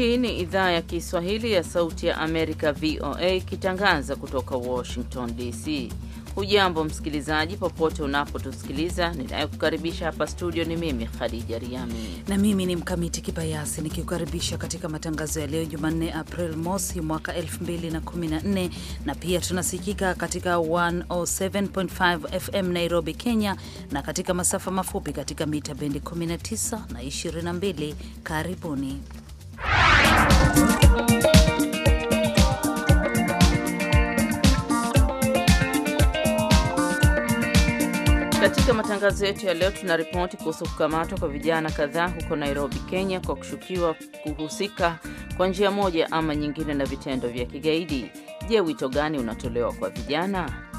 Hii ni idhaa ya Kiswahili ya Sauti ya Amerika, VOA, ikitangaza kutoka Washington DC. Hujambo msikilizaji, popote unapotusikiliza. Ninayekukaribisha hapa studio ni mimi Khadija Riami na mimi ni Mkamiti Kibayasi nikikukaribisha katika matangazo ya leo Jumanne, April mosi mwaka 2014 na, na pia tunasikika katika 107.5 FM Nairobi, Kenya, na katika masafa mafupi katika mita bendi 19 na 22. Karibuni. Katika matangazo yetu ya leo tuna ripoti kuhusu kukamatwa kwa vijana kadhaa huko Nairobi, Kenya, kwa kushukiwa kuhusika kwa njia moja ama nyingine na vitendo vya kigaidi. Je, wito gani unatolewa kwa vijana?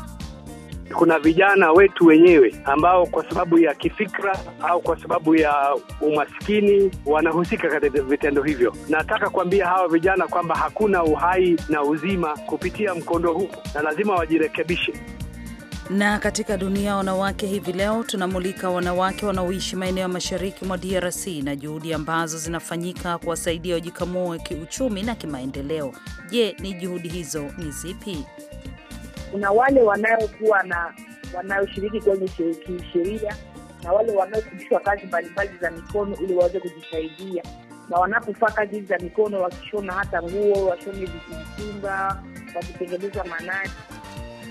kuna vijana wetu wenyewe ambao kwa sababu ya kifikra au kwa sababu ya umaskini wanahusika katika vitendo hivyo. Nataka kuambia hawa vijana kwamba hakuna uhai na uzima kupitia mkondo huu na lazima wajirekebishe. Na katika dunia ya wanawake hivi leo tunamulika wanawake wanaoishi maeneo ya mashariki mwa DRC na juhudi ambazo zinafanyika kuwasaidia wajikamue kiuchumi na kimaendeleo. Je, ni juhudi hizo ni zipi? kuna wale wanaokuwa na wanaoshiriki kwenye kisheria na wale wanaofundishwa kazi mbalimbali za mikono ili waweze kujisaidia, na wanapofaa kazi hizi za mikono, wakishona hata nguo, washone vikijikinga, wakitengeneza manani.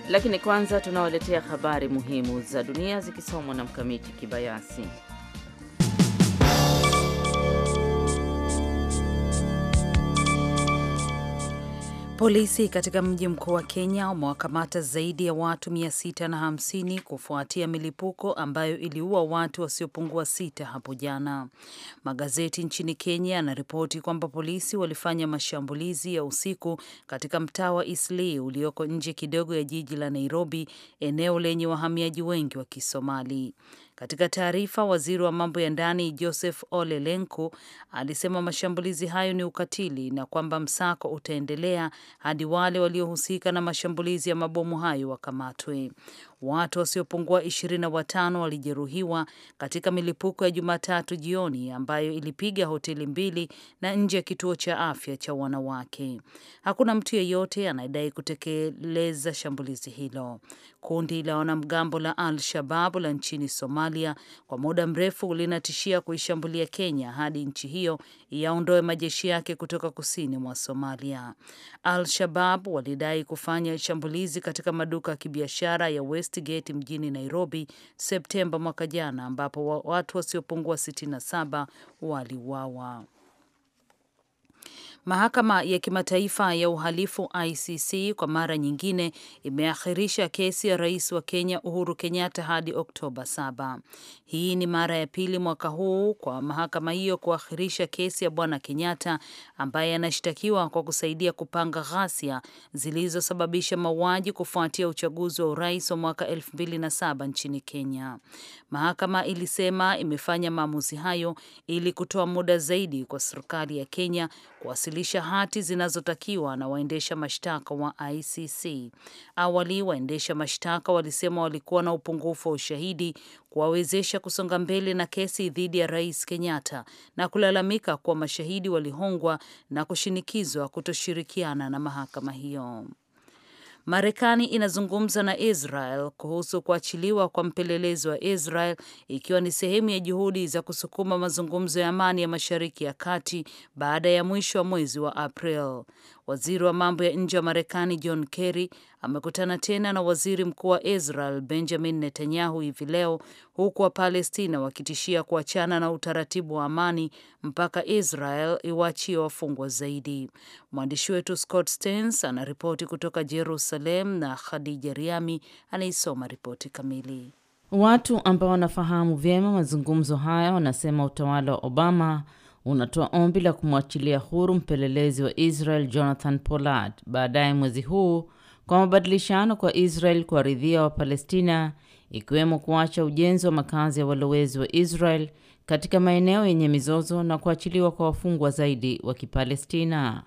Lakini kwanza tunawaletea habari muhimu za dunia zikisomwa na Mkamiti Kibayasi. Polisi katika mji mkuu wa Kenya wamewakamata zaidi ya watu 650 kufuatia milipuko ambayo iliua watu wasiopungua sita hapo jana. Magazeti nchini Kenya yanaripoti kwamba polisi walifanya mashambulizi ya usiku katika mtaa wa Isli ulioko nje kidogo ya jiji la Nairobi, eneo lenye wahamiaji wengi wa Kisomali. Katika taarifa, waziri wa mambo ya ndani Joseph Ole Lenku alisema mashambulizi hayo ni ukatili na kwamba msako utaendelea hadi wale waliohusika na mashambulizi ya mabomu hayo wakamatwe. Watu wasiopungua ishirini na watano walijeruhiwa katika milipuko ya Jumatatu jioni ambayo ilipiga hoteli mbili na nje ya kituo cha afya cha wanawake. Hakuna mtu yeyote anayedai kutekeleza shambulizi hilo. Kundi la wanamgambo la Al Shabab la nchini Somalia kwa muda mrefu linatishia kuishambulia Kenya hadi nchi hiyo yaondoe majeshi yake kutoka kusini mwa Somalia. Al Shabab walidai kufanya shambulizi katika maduka ya kibiashara ya West Westgate mjini Nairobi Septemba mwaka jana, ambapo watu wasiopungua 67 waliuawa. Mahakama ya Kimataifa ya Uhalifu ICC kwa mara nyingine imeakhirisha kesi ya rais wa Kenya Uhuru Kenyatta hadi Oktoba 7. Hii ni mara ya pili mwaka huu kwa mahakama hiyo kuakhirisha kesi ya bwana Kenyatta ambaye anashtakiwa kwa kusaidia kupanga ghasia zilizosababisha mauaji kufuatia uchaguzi wa urais wa mwaka 2007 nchini Kenya. Mahakama ilisema imefanya maamuzi hayo ili kutoa muda zaidi kwa serikali ya Kenya kuwasi kuwasilisha hati zinazotakiwa na waendesha mashtaka wa ICC. Awali waendesha mashtaka walisema walikuwa na upungufu wa ushahidi kuwawezesha kusonga mbele na kesi dhidi ya Rais Kenyatta na kulalamika kuwa mashahidi walihongwa na kushinikizwa kutoshirikiana na mahakama hiyo. Marekani inazungumza na Israel kuhusu kuachiliwa kwa mpelelezi wa Israel ikiwa ni sehemu ya juhudi za kusukuma mazungumzo ya amani ya Mashariki ya Kati baada ya mwisho wa mwezi wa April. Waziri wa mambo ya nje wa Marekani John Kerry amekutana tena na waziri mkuu wa Israel Benjamin Netanyahu hivi leo, huku Wapalestina wakitishia kuachana na utaratibu wa amani mpaka Israel iwaachie wafungwa zaidi. Mwandishi wetu Scott stens anaripoti kutoka Jerusalem na Khadija Riami anaisoma ripoti kamili. Watu ambao wanafahamu vyema mazungumzo haya wanasema utawala wa Obama unatoa ombi la kumwachilia huru mpelelezi wa Israel Jonathan Pollard baadaye mwezi huu kwa mabadilishano kwa Israel kuwaridhia Wapalestina, ikiwemo kuacha ujenzi wa makazi ya walowezi wa Israel katika maeneo yenye mizozo na kuachiliwa kwa wafungwa zaidi wa Kipalestina.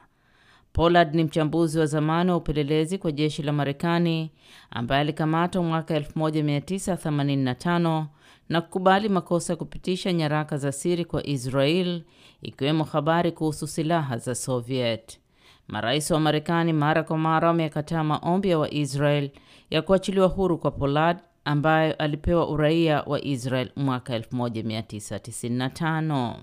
Pollard ni mchambuzi wa zamani wa upelelezi kwa jeshi la Marekani ambaye alikamatwa mwaka 1985 na kukubali makosa ya kupitisha nyaraka za siri kwa Israel ikiwemo habari kuhusu silaha za Soviet. Marais wa Marekani mara kwa mara wamekataa maombi ya Waisrael ya kuachiliwa huru kwa polad ambaye alipewa uraia wa Israel mwaka 1995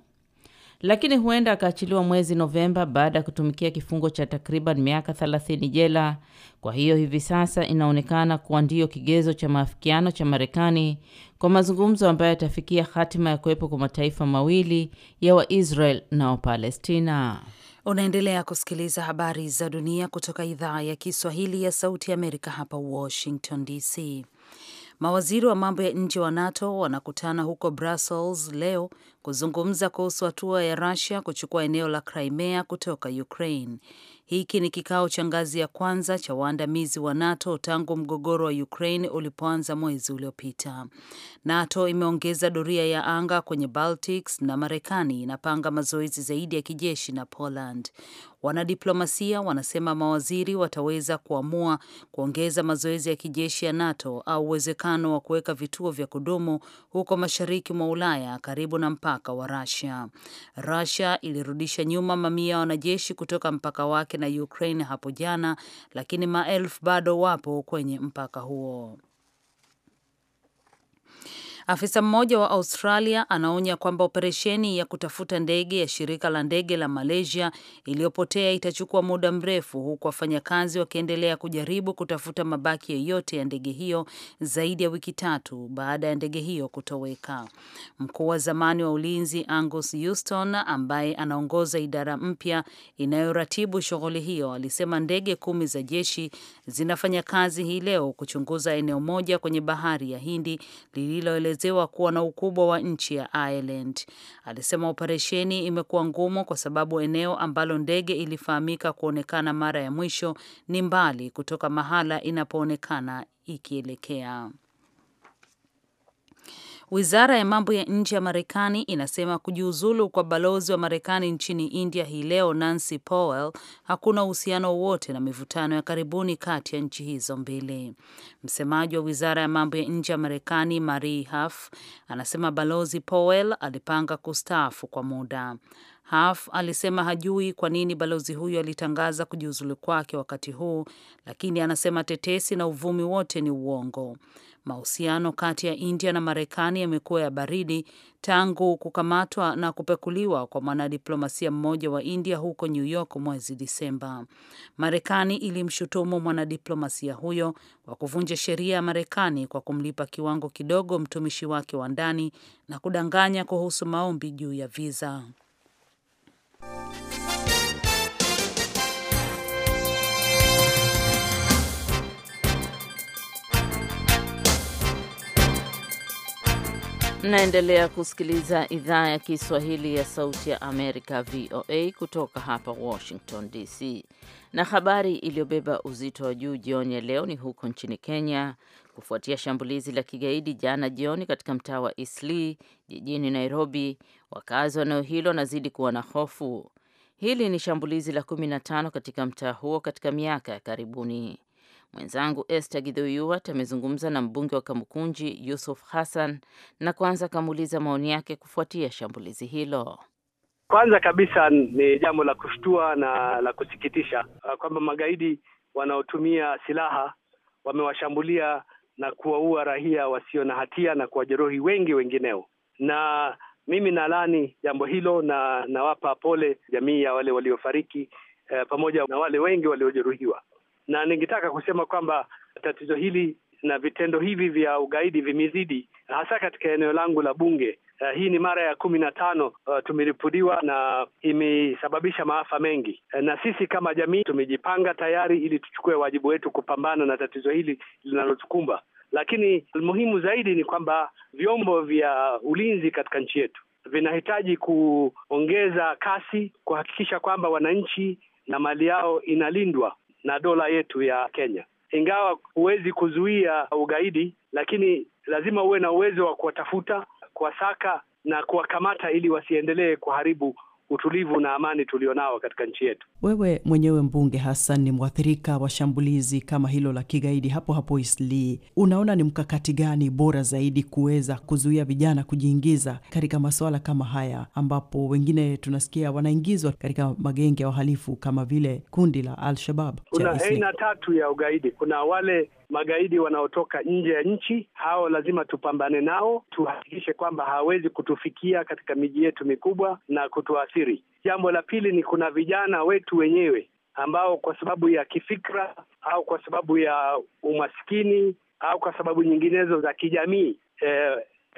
lakini huenda akaachiliwa mwezi Novemba baada ya kutumikia kifungo cha takriban miaka 30 jela. Kwa hiyo hivi sasa inaonekana kuwa ndiyo kigezo cha maafikiano cha Marekani kwa mazungumzo ambayo yatafikia hatima ya kuwepo kwa mataifa mawili ya Waisrael na Wapalestina. Unaendelea kusikiliza habari za dunia kutoka idhaa ya Kiswahili ya Sauti ya Amerika hapa Washington DC. Mawaziri wa mambo ya nje wa NATO wanakutana huko Brussels leo kuzungumza kuhusu hatua ya Russia kuchukua eneo la Crimea kutoka Ukraine. Hiki ni kikao cha ngazi ya kwanza cha waandamizi wa NATO tangu mgogoro wa Ukraine ulipoanza mwezi uliopita. NATO imeongeza doria ya anga kwenye Baltics na Marekani inapanga mazoezi zaidi ya kijeshi na Poland. Wanadiplomasia wanasema mawaziri wataweza kuamua kuongeza mazoezi ya kijeshi ya NATO au uwezekano wa kuweka vituo vya kudumu huko mashariki mwa Ulaya karibu na mpaka wa Russia. Russia ilirudisha nyuma mamia ya wanajeshi kutoka mpaka wake na Ukraine hapo jana, lakini maelfu bado wapo kwenye mpaka huo. Afisa mmoja wa Australia anaonya kwamba operesheni ya kutafuta ndege ya shirika la ndege la Malaysia iliyopotea itachukua muda mrefu, huku wafanyakazi wakiendelea kujaribu kutafuta mabaki yoyote ya ndege hiyo zaidi ya wiki tatu baada ya ndege hiyo kutoweka. Mkuu wa zamani wa ulinzi Angus Houston, ambaye anaongoza idara mpya inayoratibu shughuli hiyo, alisema ndege kumi za jeshi zinafanya kazi hii leo kuchunguza eneo moja kwenye bahari ya Hindi lililo inaelezewa kuwa na ukubwa wa nchi ya Ireland. Alisema operesheni imekuwa ngumu kwa sababu eneo ambalo ndege ilifahamika kuonekana mara ya mwisho ni mbali kutoka mahala inapoonekana ikielekea. Wizara ya mambo ya nje ya Marekani inasema kujiuzulu kwa balozi wa Marekani nchini India hii leo Nancy Powell hakuna uhusiano wowote na mivutano ya karibuni kati ya nchi hizo mbili. Msemaji wa wizara ya mambo ya nje ya Marekani Marie haf anasema balozi Powell alipanga kustaafu kwa muda. Haf alisema hajui kwa nini balozi huyo alitangaza kujiuzulu kwake wakati huu, lakini anasema tetesi na uvumi wote ni uongo. Mahusiano kati ya India na Marekani yamekuwa ya baridi tangu kukamatwa na kupekuliwa kwa mwanadiplomasia mmoja wa India huko New York mwezi Disemba. Marekani ilimshutumu mwanadiplomasia huyo kwa kuvunja sheria ya Marekani kwa kumlipa kiwango kidogo mtumishi wake wa ndani na kudanganya kuhusu maombi juu ya viza. Mnaendelea kusikiliza idhaa ya Kiswahili ya Sauti ya Amerika, VOA, kutoka hapa Washington DC. Na habari iliyobeba uzito wa juu jioni ya leo ni huko nchini Kenya, kufuatia shambulizi la kigaidi jana jioni katika mtaa wa Isli jijini Nairobi. Wakazi wa eneo hilo wanazidi kuwa na hofu. Hili ni shambulizi la 15 katika mtaa huo katika miaka ya karibuni. Mwenzangu Esther Gidhuyuwat amezungumza na mbunge wa Kamukunji Yusuf Hassan na kwanza akamuuliza maoni yake kufuatia shambulizi hilo. Kwanza kabisa ni jambo la kushtua na la kusikitisha uh, kwamba magaidi wanaotumia silaha wamewashambulia na kuwaua raia wasio na hatia na kuwajeruhi wengi wengineo, na mimi nalani jambo hilo na nawapa pole jamii ya wale waliofariki eh, pamoja na wale wengi waliojeruhiwa na ningetaka kusema kwamba tatizo hili na vitendo hivi vya ugaidi vimezidi hasa katika eneo langu la bunge. Uh, hii ni mara ya kumi na tano uh, tumeripudiwa na imesababisha maafa mengi. Uh, na sisi kama jamii tumejipanga tayari ili tuchukue wajibu wetu kupambana na tatizo hili linalotukumba, lakini muhimu zaidi ni kwamba vyombo vya ulinzi katika nchi yetu vinahitaji kuongeza kasi kuhakikisha kwamba wananchi na mali yao inalindwa na dola yetu ya Kenya. Ingawa huwezi kuzuia ugaidi, lakini lazima uwe na uwezo wa kuwatafuta, kuwasaka na kuwakamata ili wasiendelee kuharibu utulivu na amani tulionao katika nchi yetu. Wewe mwenyewe mbunge hasan ni mwathirika wa shambulizi kama hilo la kigaidi hapo hapo Isli, unaona ni mkakati gani bora zaidi kuweza kuzuia vijana kujiingiza katika masuala kama haya, ambapo wengine tunasikia wanaingizwa katika magenge ya uhalifu kama vile kundi la Al-Shabab? Kuna aina tatu ya ugaidi. Kuna wale magaidi wanaotoka nje ya nchi, hao lazima tupambane nao, tuhakikishe kwamba hawezi kutufikia katika miji yetu mikubwa na kutuathiri. Jambo la pili ni kuna vijana wetu wenyewe ambao kwa sababu ya kifikra au kwa sababu ya umaskini au kwa sababu nyinginezo za kijamii eh,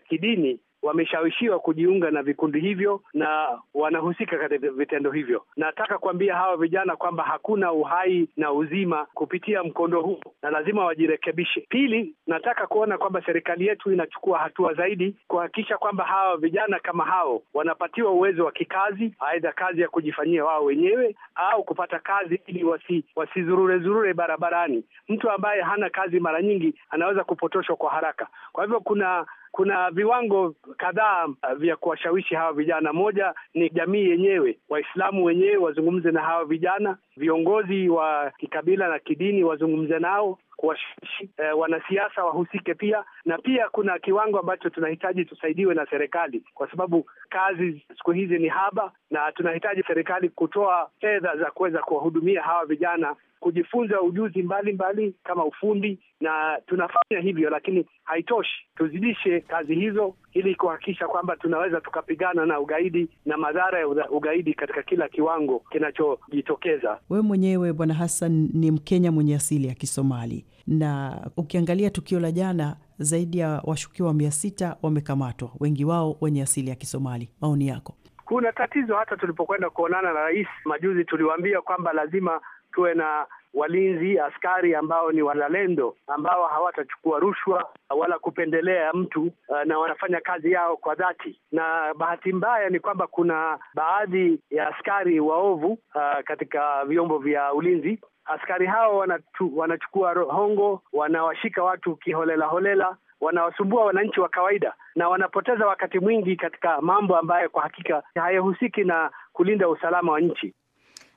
kidini wameshawishiwa kujiunga na vikundi hivyo na wanahusika katika vitendo hivyo. Nataka kuambia hawa vijana kwamba hakuna uhai na uzima kupitia mkondo huu na lazima wajirekebishe. Pili, nataka kuona kwamba serikali yetu inachukua hatua zaidi kuhakikisha kwamba hawa vijana kama hao wanapatiwa uwezo wa kikazi, aidha kazi ya kujifanyia wao wenyewe au kupata kazi ili wasi, wasizurure zurure barabarani. Mtu ambaye hana kazi mara nyingi anaweza kupotoshwa kwa haraka. Kwa hivyo kuna kuna viwango kadhaa uh, vya kuwashawishi hawa vijana. Moja ni jamii yenyewe, Waislamu wenyewe wazungumze na hawa vijana, viongozi wa kikabila na kidini wazungumze nao, kuwashawishi e, wanasiasa wahusike pia, na pia kuna kiwango ambacho tunahitaji tusaidiwe na serikali, kwa sababu kazi siku hizi ni haba, na tunahitaji serikali kutoa fedha za kuweza kuwahudumia hawa vijana kujifunza ujuzi mbalimbali mbali, kama ufundi, na tunafanya hivyo, lakini haitoshi. Tuzidishe kazi hizo ili kuhakikisha kwamba tunaweza tukapigana na ugaidi na madhara ya ugaidi katika kila kiwango kinachojitokeza. Wewe mwenyewe Bwana Hassan ni Mkenya mwenye asili ya Kisomali, na ukiangalia tukio la jana, zaidi ya washukiwa mia sita wamekamatwa, wengi wao wenye asili ya Kisomali. Maoni yako? Kuna tatizo. Hata tulipokwenda kuonana na rais majuzi, tuliwaambia kwamba lazima tuwe na walinzi askari ambao ni wazalendo ambao hawatachukua rushwa wala kupendelea mtu uh, na wanafanya kazi yao kwa dhati. Na bahati mbaya ni kwamba kuna baadhi ya askari waovu uh, katika vyombo vya ulinzi. Askari hao wanatu, wanachukua hongo, wanawashika watu kiholela holela, wanawasumbua wananchi wa kawaida na wanapoteza wakati mwingi katika mambo ambayo kwa hakika hayahusiki na kulinda usalama wa nchi.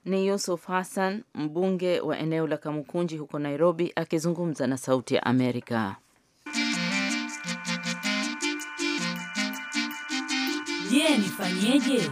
Ni Yusuf Hassan, mbunge wa eneo la Kamukunji huko Nairobi, akizungumza na Sauti ya Amerika. Je, nifanyeje?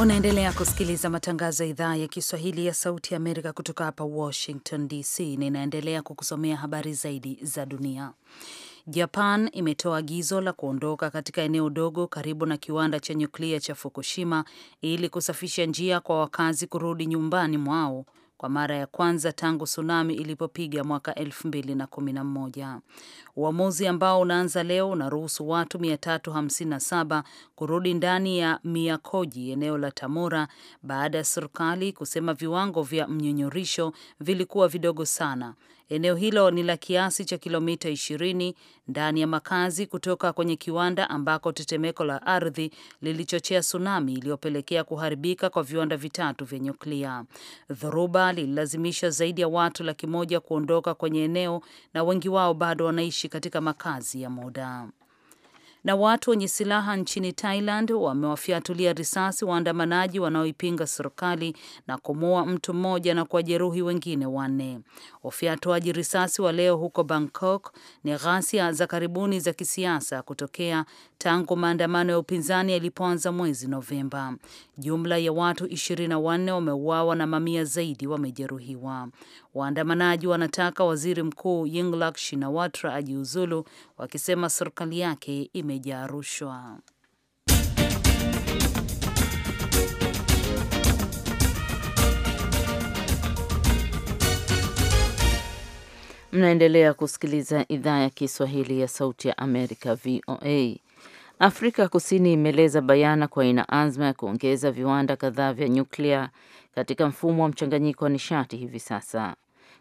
Unaendelea kusikiliza matangazo ya idhaa ya Kiswahili ya Sauti ya Amerika kutoka hapa Washington DC. Ninaendelea kukusomea habari zaidi za dunia. Japan imetoa agizo la kuondoka katika eneo dogo karibu na kiwanda cha nyuklia cha Fukushima ili kusafisha njia kwa wakazi kurudi nyumbani mwao kwa mara ya kwanza tangu tsunami ilipopiga mwaka 2011. Uamuzi ambao unaanza leo unaruhusu watu 357 kurudi ndani ya Miakoji, eneo la Tamora, baada ya serikali kusema viwango vya mnyonyorisho vilikuwa vidogo sana. Eneo hilo ni la kiasi cha kilomita 20 ndani ya makazi kutoka kwenye kiwanda ambako tetemeko la ardhi lilichochea tsunami iliyopelekea kuharibika kwa viwanda vitatu vya nyuklia. Dhoruba lililazimisha zaidi ya watu laki moja kuondoka kwenye eneo na wengi wao bado wanaishi kuishi katika makazi ya muda. Na watu wenye silaha nchini Thailand wamewafyatulia risasi waandamanaji wanaoipinga serikali na kumuua mtu mmoja na kuwajeruhi wengine wanne. Ufyatuaji risasi wa leo huko Bangkok ni ghasia za karibuni za kisiasa kutokea tangu maandamano ya upinzani yalipoanza mwezi Novemba. Jumla ya watu 24 wameuawa na mamia zaidi wamejeruhiwa. Waandamanaji wanataka waziri mkuu Yingluck Shinawatra ajiuzulu, wakisema serikali yake imejaa rushwa. Mnaendelea kusikiliza idhaa ya Kiswahili ya Sauti ya Amerika, VOA. Afrika Kusini imeeleza bayana kuwa ina azma ya kuongeza viwanda kadhaa vya nyuklia katika mfumo wa mchanganyiko wa nishati hivi sasa.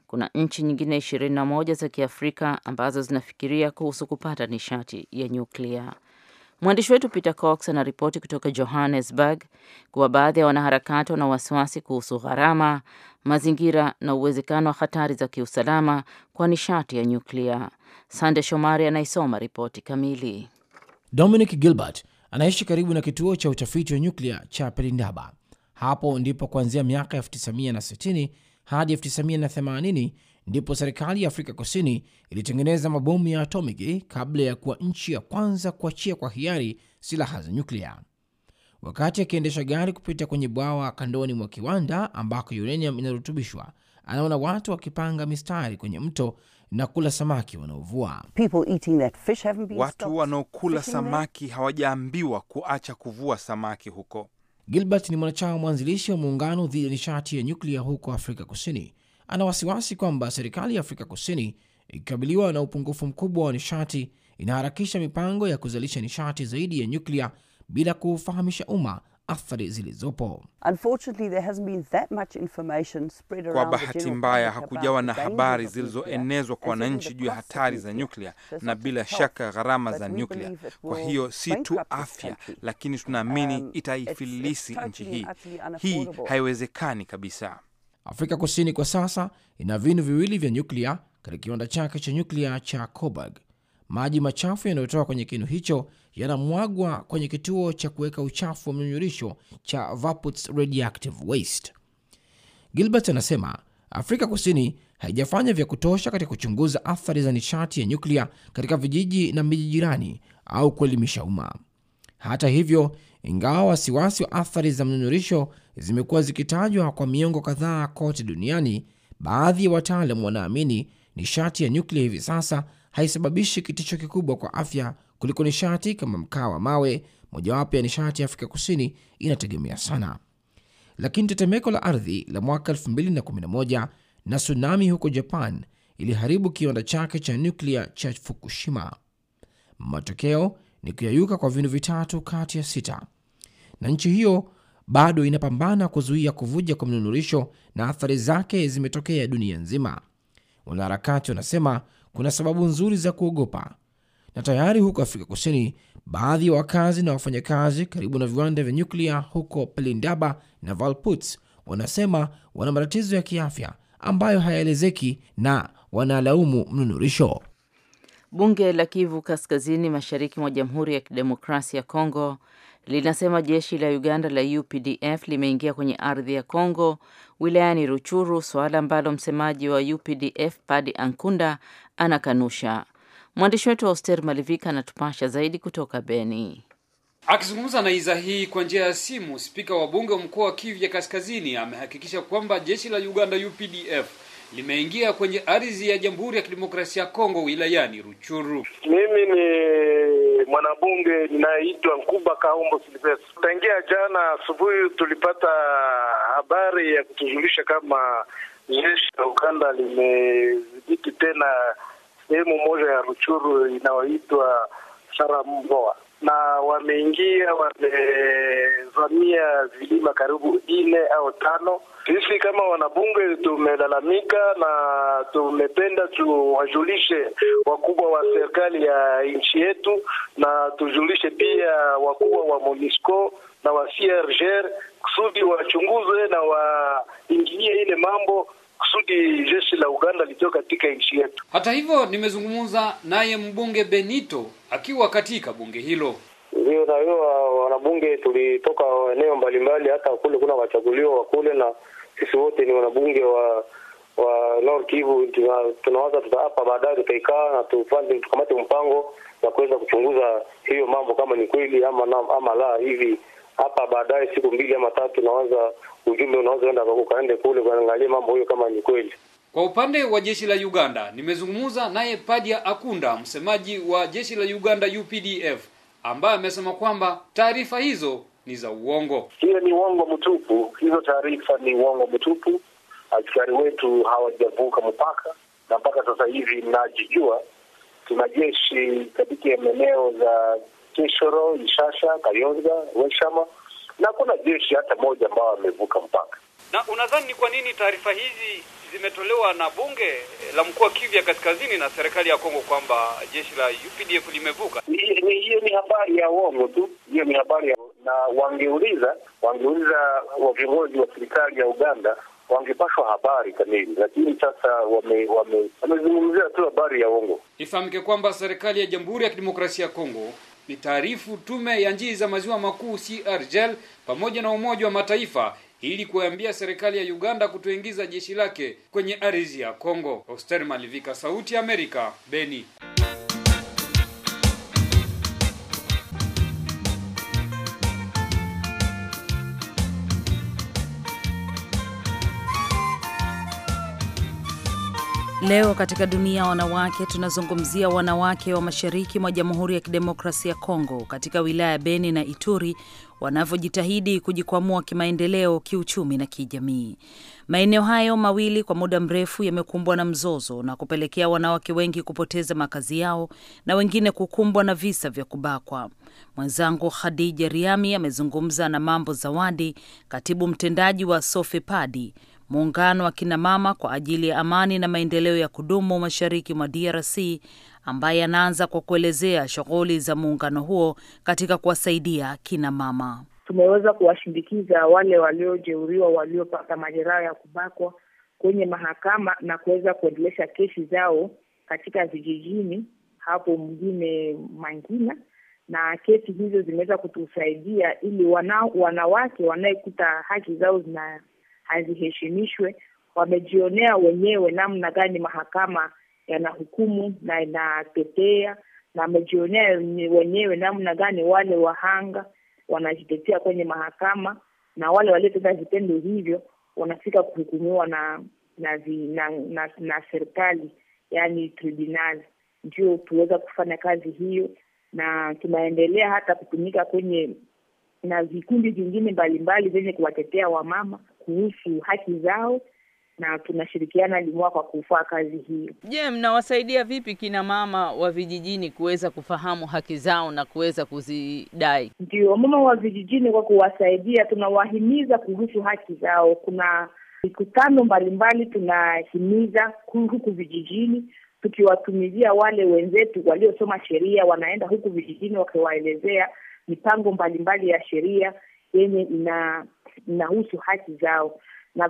Kuna nchi nyingine 21 za Kiafrika ambazo zinafikiria kuhusu kupata nishati ya nyuklia. Mwandishi wetu Peter Cox anaripoti kutoka Johannesburg kuwa baadhi ya wanaharakati wana wasiwasi kuhusu gharama, mazingira na uwezekano wa hatari za kiusalama kwa nishati ya nyuklia. Sande Shomari anaisoma ripoti kamili. Dominic Gilbert anaishi karibu na kituo cha utafiti wa nyuklia cha Pelindaba. Hapo ndipo kuanzia miaka 1960 hadi 1980 ndipo serikali ya Afrika Kusini ilitengeneza mabomu ya atomiki kabla ya kuwa nchi ya kwanza kuachia kwa hiari silaha za nyuklia. Wakati akiendesha gari kupita kwenye bwawa kandoni mwa kiwanda ambako uranium inarutubishwa, anaona watu wakipanga mistari kwenye mto na kula samaki wanaovua. Watu wanaokula samaki hawajaambiwa kuacha kuvua samaki huko. Gilbert ni mwanachama mwanzilishi wa muungano dhidi ya nishati ya nyuklia huko Afrika Kusini. Ana wasiwasi kwamba serikali ya Afrika Kusini ikikabiliwa na upungufu mkubwa wa nishati inaharakisha mipango ya kuzalisha nishati zaidi ya nyuklia bila kuufahamisha umma athari zilizopo. Kwa bahati mbaya, hakujawa na habari zilizoenezwa kwa wananchi juu ya hatari za nyuklia na bila shaka gharama za nyuklia. Kwa hiyo si tu afya, lakini tunaamini um, itaifilisi nchi hii. Hii haiwezekani kabisa. Afrika Kusini kwa sasa ina vinu viwili vya nyuklia katika kiwanda chake cha nyuklia cha Coburg. Maji machafu yanayotoka kwenye kinu hicho yanamwagwa kwenye kituo cha kuweka uchafu wa mnyunyurisho cha Vaputs Radioactive Waste. Gilbert anasema Afrika Kusini haijafanya vya kutosha katika kuchunguza athari za nishati ya nyuklia katika vijiji na miji jirani au kuelimisha umma. Hata hivyo, ingawa wasiwasi wa athari za mnyunyurisho zimekuwa zikitajwa kwa miongo kadhaa kote duniani, baadhi ya wataalam wanaamini nishati ya nyuklia hivi sasa haisababishi kitisho kikubwa kwa afya kuliko nishati kama mkaa wa mawe, mojawapo ya nishati ya Afrika Kusini inategemea sana. Lakini tetemeko la ardhi la mwaka 2011 na tsunami huko Japan iliharibu kiwanda chake cha nyuklia cha Fukushima. Matokeo ni kuyayuka kwa vinu vitatu kati ya sita, na nchi hiyo bado inapambana kuzuia kuvuja kwa mnunurisho na athari zake zimetokea dunia nzima. Wanaharakati wanasema kuna sababu nzuri za kuogopa, na tayari huko Afrika Kusini, baadhi ya wa wakazi na wafanyakazi karibu na viwanda vya nyuklia huko Pelindaba na Valputs wanasema wana matatizo ya kiafya ambayo hayaelezeki na wanalaumu mnunurisho. Bunge la Kivu Kaskazini, mashariki mwa Jamhuri ya Kidemokrasia ya Kongo linasema jeshi la Uganda la UPDF limeingia kwenye ardhi ya Kongo wilayani Ruchuru, suala ambalo msemaji wa UPDF Padi Ankunda anakanusha. Mwandishi wetu Auster Malivika anatupasha zaidi kutoka Beni. Akizungumza na iza hii kwa njia ya simu, spika wa bunge mkoa wa Kivu ya Kaskazini amehakikisha kwamba jeshi la Uganda UPDF limeingia kwenye ardhi ya Jamhuri ya Kidemokrasia ya Kongo wilayani Ruchuru. Mimi ni mwanabunge ninayeitwa Nkuba Kaombo Silvestre. Tangia jana asubuhi tulipata habari ya kutujulisha kama jeshi la Uganda limedhibiti tena sehemu moja ya Ruchuru inayoitwa Sharamboa, na wameingia wamevamia vilima karibu ine au tano. Sisi kama wanabunge tumelalamika na tumependa tuwajulishe wakubwa wa serikali ya nchi yetu, na tujulishe pia wakubwa wa MONUSCO na wa CIRGL kusudi wachunguze na waingilie ile mambo kusudi jeshi la Uganda lijio katika nchi yetu. Hata hivyo, nimezungumza naye mbunge Benito akiwa katika bunge hilo. Ndio, na hiyo wanabunge tulitoka eneo mbalimbali, hata kule kuna wachaguliwa wa kule, na sisi wote ni wanabunge wa wa Nord Kivu. Tunawaza tutaapa baadaye, tutaikaa na tufanye tukamate mpango na kuweza kuchunguza hiyo mambo kama ni kweli ama, ama la hivi hapa baadaye siku mbili ama tatu nawaza ujumbe unaozoenda ukaende kule ukaangalia mambo hiyo kama ni kweli. Kwa upande wa jeshi la Uganda, nimezungumza naye Padia Akunda, msemaji wa jeshi la Uganda UPDF, ambaye amesema kwamba taarifa hizo ni za uongo. Hiyo ni uongo mtupu, hizo taarifa ni uongo mtupu. Askari wetu hawajavuka mpaka, na mpaka sasa hivi najijua tuna jeshi katika eneo za Keshoro, Ishasha, Kayonza, Weshama na hakuna jeshi hata moja ambao wamevuka mpaka. Na unadhani ni kwa nini taarifa hizi zimetolewa na bunge la mkoa Kivu ya Kaskazini na serikali ya Kongo kwamba jeshi la UPDF limevuka? Hiyo ni habari ya uongo tu, hiyo ni habari ya na wangeuliza, wangeuliza wa viongozi wa serikali ya Uganda wangepashwa habari kamili, lakini sasa wamezungumzia wame, wame tu habari ya uongo. Ifahamike kwamba serikali ya Jamhuri ya Kidemokrasia ya Kongo taarifu tume ya njii za maziwa makuu CRGL pamoja na Umoja wa Mataifa ili kuambia serikali ya Uganda kutoingiza jeshi lake kwenye ardhi ya Kongo. Oster Malivika, Sauti ya Amerika, Beni. Leo katika dunia ya wanawake tunazungumzia wanawake wa mashariki mwa Jamhuri ya Kidemokrasia ya Kongo katika wilaya ya Beni na Ituri wanavyojitahidi kujikwamua kimaendeleo, kiuchumi na kijamii. Maeneo hayo mawili kwa muda mrefu yamekumbwa na mzozo na kupelekea wanawake wengi kupoteza makazi yao na wengine kukumbwa na visa vya kubakwa. Mwenzangu Khadija Riami amezungumza na Mambo Zawadi, katibu mtendaji wa Sofepadi, Muungano wa kinamama kwa ajili ya amani na maendeleo ya kudumu mashariki mwa DRC ambaye anaanza kwa kuelezea shughuli za muungano huo katika kuwasaidia kinamama. Tumeweza kuwashindikiza wale waliojeuriwa, waliopata majeraha ya kubakwa kwenye mahakama na kuweza kuendelesha kesi zao katika vijijini hapo mjini Mangina, na kesi hizo zimeweza kutusaidia ili wanawake wanayekuta haki zao zina haziheshimishwe. Wamejionea wenyewe namna gani mahakama yanahukumu na inatetea, na wamejionea wenyewe namna gani wale wahanga wanajitetea kwenye mahakama na wale waliotenda vitendo hivyo wanafika kuhukumiwa na na, na, na, na serikali yani tribunal. Ndio tuweza kufanya kazi hiyo, na tunaendelea hata kutumika kwenye na vikundi vingine mbalimbali vyenye kuwatetea wamama kuhusu haki zao na tunashirikiana LIMUA kwa kufaa kazi hiyo. Je, yeah, mnawasaidia vipi kina mama wa vijijini kuweza kufahamu haki zao na kuweza kuzidai? Ndio, mama wa vijijini, kwa kuwasaidia, tunawahimiza kuhusu haki zao. Kuna mikutano mbalimbali tunahimiza huku vijijini, tukiwatumizia wale wenzetu waliosoma sheria, wanaenda huku vijijini wakiwaelezea mipango mbalimbali ya sheria yenye ina inahusu haki zao, na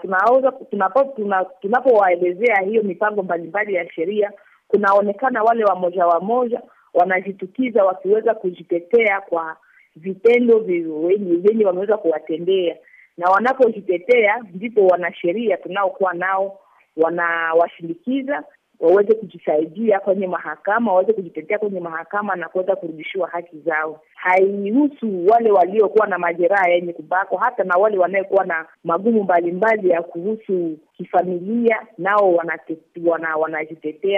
tunapowaelezea hiyo mipango mbalimbali ya sheria, kunaonekana wale wamoja wamoja wanajitukiza wakiweza kujitetea kwa vitendo vyenye wameweza kuwatendea, na wanapojitetea ndipo wanasheria tunaokuwa nao wanawashindikiza waweze kujisaidia kwenye mahakama, waweze kujitetea kwenye mahakama na kuweza kurudishiwa haki zao. Haihusu wale waliokuwa na majeraha yenye kubako, hata na wale wanaekuwa na magumu mbalimbali ya kuhusu kifamilia, nao wanajitetea wana, wana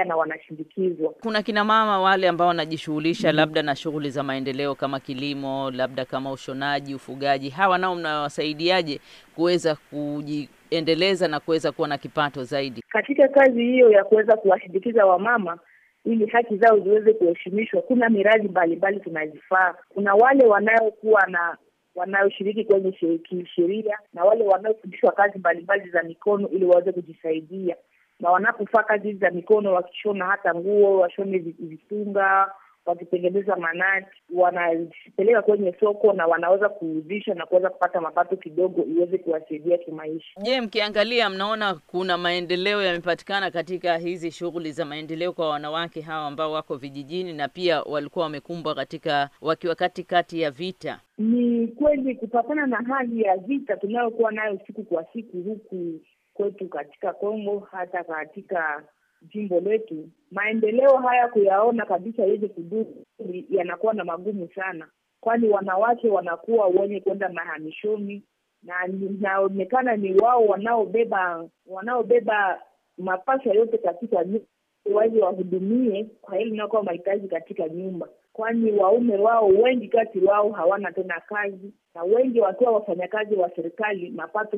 na wanashindikizwa. Kuna kina mama wale ambao wanajishughulisha mm-hmm, labda na shughuli za maendeleo kama kilimo, labda kama ushonaji, ufugaji, hawa nao mnawasaidiaje kuweza kuji kuendeleza na kuweza kuwa na kipato zaidi katika kazi hiyo ya kuweza kuwashindikiza wamama ili haki zao ziweze kuheshimishwa. Kuna miradi mbalimbali tunazifaa. Kuna wale wanaokuwa na wanaoshiriki kwenye kisheria na wale wanaofundishwa kazi mbalimbali za mikono ili waweze kujisaidia, na wanapofaa kazi hizi za mikono, wakishona hata nguo, washone vitunga wakitengeneza manati, wanapeleka kwenye soko na wanaweza kuuzisha na kuweza kupata mapato kidogo iweze kuwasaidia kimaisha. Je, mkiangalia mnaona kuna maendeleo yamepatikana katika hizi shughuli za maendeleo kwa wanawake hawa ambao wako vijijini na pia walikuwa wamekumbwa katika wakiwa katikati ya vita? Ni kweli kupatana na hali ya vita tunayokuwa nayo siku kwa siku huku kwetu katika Kongo hata katika jimbo letu, maendeleo haya kuyaona kabisa yenye kudumu, yanakuwa na magumu sana, kwani wanawake wanakuwa wenye kwenda mahamishoni na inaonekana ni wao wanaobeba wanaobeba mapasa yote katika nyumba, waje wahudumie kwa hili nakuwa mahitaji katika nyumba, kwani waume wao wengi kati wao hawana tena kazi, na wengi wakiwa wafanyakazi wa serikali, mapato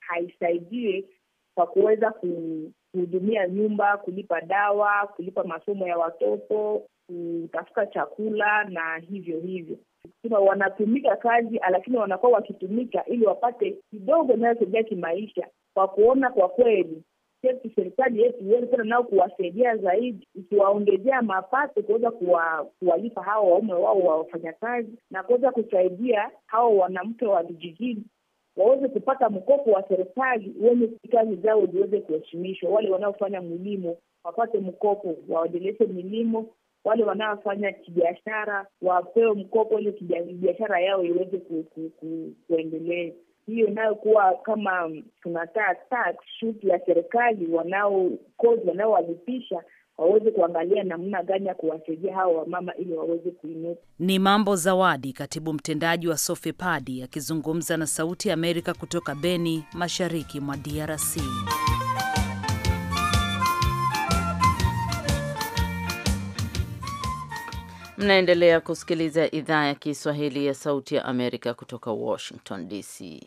haisaidie kwa kuweza kuhudumia nyumba, kulipa dawa, kulipa masomo ya watoto, kutafuta chakula na hivyo hivyo. Sema wanatumika kazi, lakini wanakuwa wakitumika ili wapate kidogo inayosaidia kimaisha, kwa kuona kwa kweli yetu serikali yetu iweze tena nao kuwasaidia zaidi, ikiwaongezea mapato kuweza kuwalipa hawa waume wao wa wafanyakazi na kuweza kusaidia hawa wanamke wa vijijini waweze kupata mkopo wa serikali wenye kazi zao ziweze kuheshimishwa. Wale wanaofanya milimo wapate mkopo, waendeleze milimo. Wale wanaofanya kibiashara wapewe mkopo ili biashara yao iweze ku, ku, ku, kuendelea. Hiyo inayokuwa kama tunataa tax shoot ya serikali wanaokodi wanaowalipisha waweze kuangalia namna gani ya kuwasaidia hawa wamama ili waweze kuinuka. Ni Mambo Zawadi, katibu mtendaji wa Padi, akizungumza na Sauti ya Amerika kutoka Beni, mashariki mwa DRC. Mnaendelea kusikiliza idhaa ya Kiswahili ya Sauti ya Amerika kutoka Washington DC.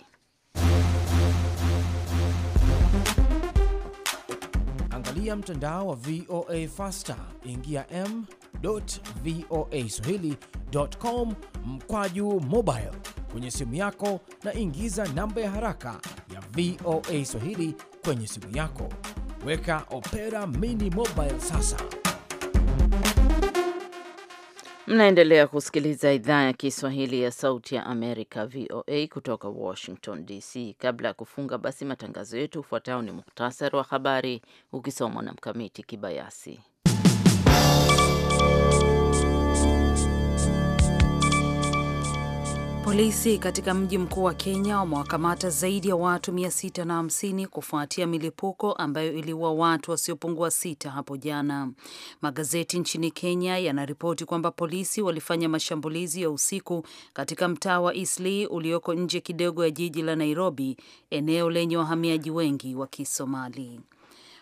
Angalia mtandao wa VOA Faster, ingia m.voaswahili.com mkwaju mobile kwenye simu yako na ingiza namba ya haraka ya VOA Swahili kwenye simu yako. Weka Opera Mini Mobile sasa. Mnaendelea kusikiliza idhaa ya Kiswahili ya Sauti ya Amerika, VOA, kutoka Washington DC. Kabla ya kufunga basi matangazo yetu, ufuatao ni muhtasari wa habari ukisomwa na Mkamiti Kibayasi. Polisi katika mji mkuu wa Kenya wamewakamata zaidi ya watu 650 kufuatia milipuko ambayo iliua watu wasiopungua sita hapo jana. Magazeti nchini Kenya yanaripoti kwamba polisi walifanya mashambulizi ya usiku katika mtaa wa Eastleigh ulioko nje kidogo ya jiji la Nairobi, eneo lenye wahamiaji wengi wa Kisomali.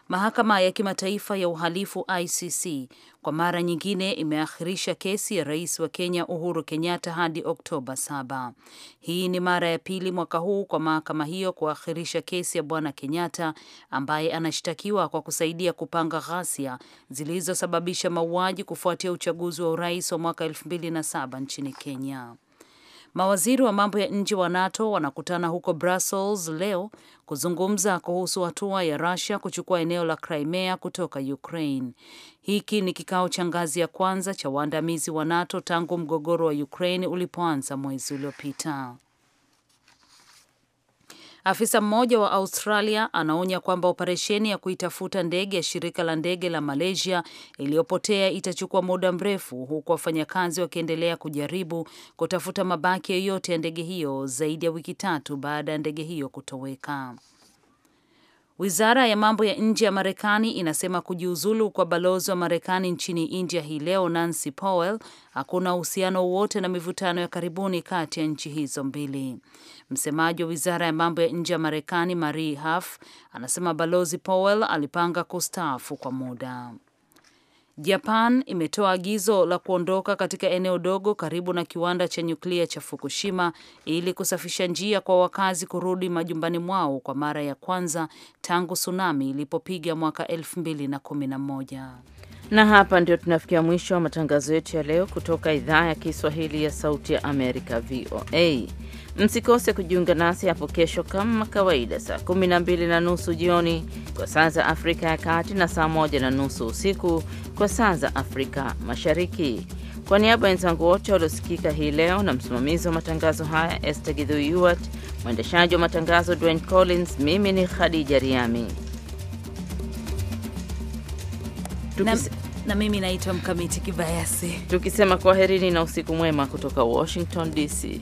Mahakama ya Kimataifa ya Uhalifu ICC kwa mara nyingine imeakhirisha kesi ya rais wa Kenya Uhuru Kenyatta hadi Oktoba 7 Hii ni mara ya pili mwaka huu kwa mahakama hiyo kuakhirisha kesi ya bwana Kenyatta ambaye anashtakiwa kwa kusaidia kupanga ghasia zilizosababisha mauaji kufuatia uchaguzi wa urais wa mwaka 2007 nchini Kenya. Mawaziri wa mambo ya nje wa NATO wanakutana huko Brussels leo kuzungumza kuhusu hatua ya Russia kuchukua eneo la Crimea kutoka Ukraine. Hiki ni kikao cha ngazi ya kwanza cha waandamizi wa NATO tangu mgogoro wa Ukraine ulipoanza mwezi uliopita. Afisa mmoja wa Australia anaonya kwamba operesheni ya kuitafuta ndege ya shirika la ndege la Malaysia iliyopotea itachukua muda mrefu, huku wafanyakazi wakiendelea kujaribu kutafuta mabaki yoyote ya ndege hiyo zaidi ya wiki tatu baada ya ndege hiyo kutoweka. Wizara ya mambo ya nje ya Marekani inasema kujiuzulu kwa balozi wa Marekani nchini India hii leo Nancy Powell hakuna uhusiano wowote na mivutano ya karibuni kati ya nchi hizo mbili. Msemaji wa wizara ya mambo ya nje ya Marekani Marie Harf anasema balozi Powell alipanga kustaafu kwa muda. Japan imetoa agizo la kuondoka katika eneo dogo karibu na kiwanda cha nyuklia cha Fukushima ili kusafisha njia kwa wakazi kurudi majumbani mwao kwa mara ya kwanza tangu tsunami ilipopiga mwaka 2011. Na hapa ndio tunafikia mwisho wa matangazo yetu ya leo kutoka idhaa ya Kiswahili ya Sauti ya Amerika, VOA. Msikose kujiunga nasi hapo kesho kama kawaida, saa 12 na nusu jioni kwa saa za Afrika ya Kati na saa 1 na nusu usiku kwa saa za Afrika Mashariki. Kwa niaba ya wenzangu wote waliosikika hii leo na msimamizi wa matangazo haya Esther Githyuart, mwendeshaji wa matangazo Dwayne Collins, mimi ni Khadija Riami Tukis... na mimi naitwa Mkamiti Kibayasi, tukisema kwaherini na usiku mwema kutoka Washington DC.